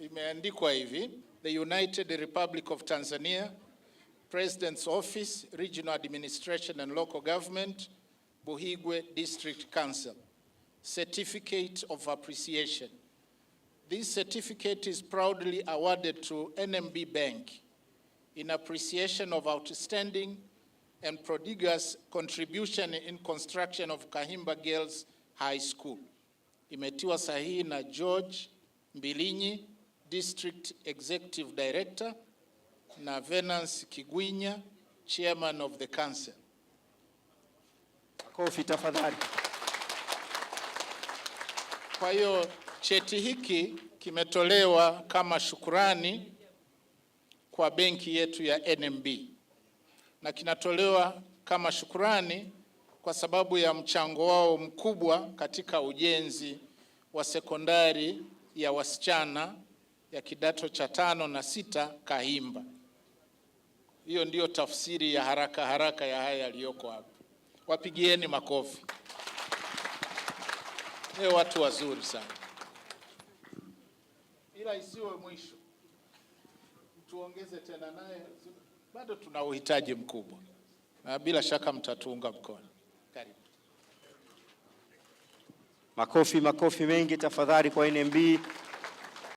Imeandikwa hivi the United Republic of Tanzania President's Office Regional Administration and Local Government Buhigwe District Council Certificate of Appreciation. This certificate is proudly awarded to NMB Bank in appreciation of outstanding and prodigious contribution in construction of Kahimba Girls High School. Imetiwa sahihi na George Mbilinyi District Executive Director na Venance Kigwinya Chairman of the Council. Kofi tafadhali. Kwa hiyo cheti hiki kimetolewa kama shukurani kwa benki yetu ya NMB na kinatolewa kama shukurani kwa sababu ya mchango wao mkubwa katika ujenzi wa sekondari ya wasichana ya kidato cha tano na sita Kahimba. Hiyo ndiyo tafsiri ya haraka haraka ya haya yaliyoko hapa. Wapigieni makofi. Ni watu wazuri sana, ila isiwe mwisho, tuongeze tena naye, bado tuna uhitaji mkubwa, na bila shaka mtatuunga mkono. Makofi makofi mengi tafadhali kwa NMB.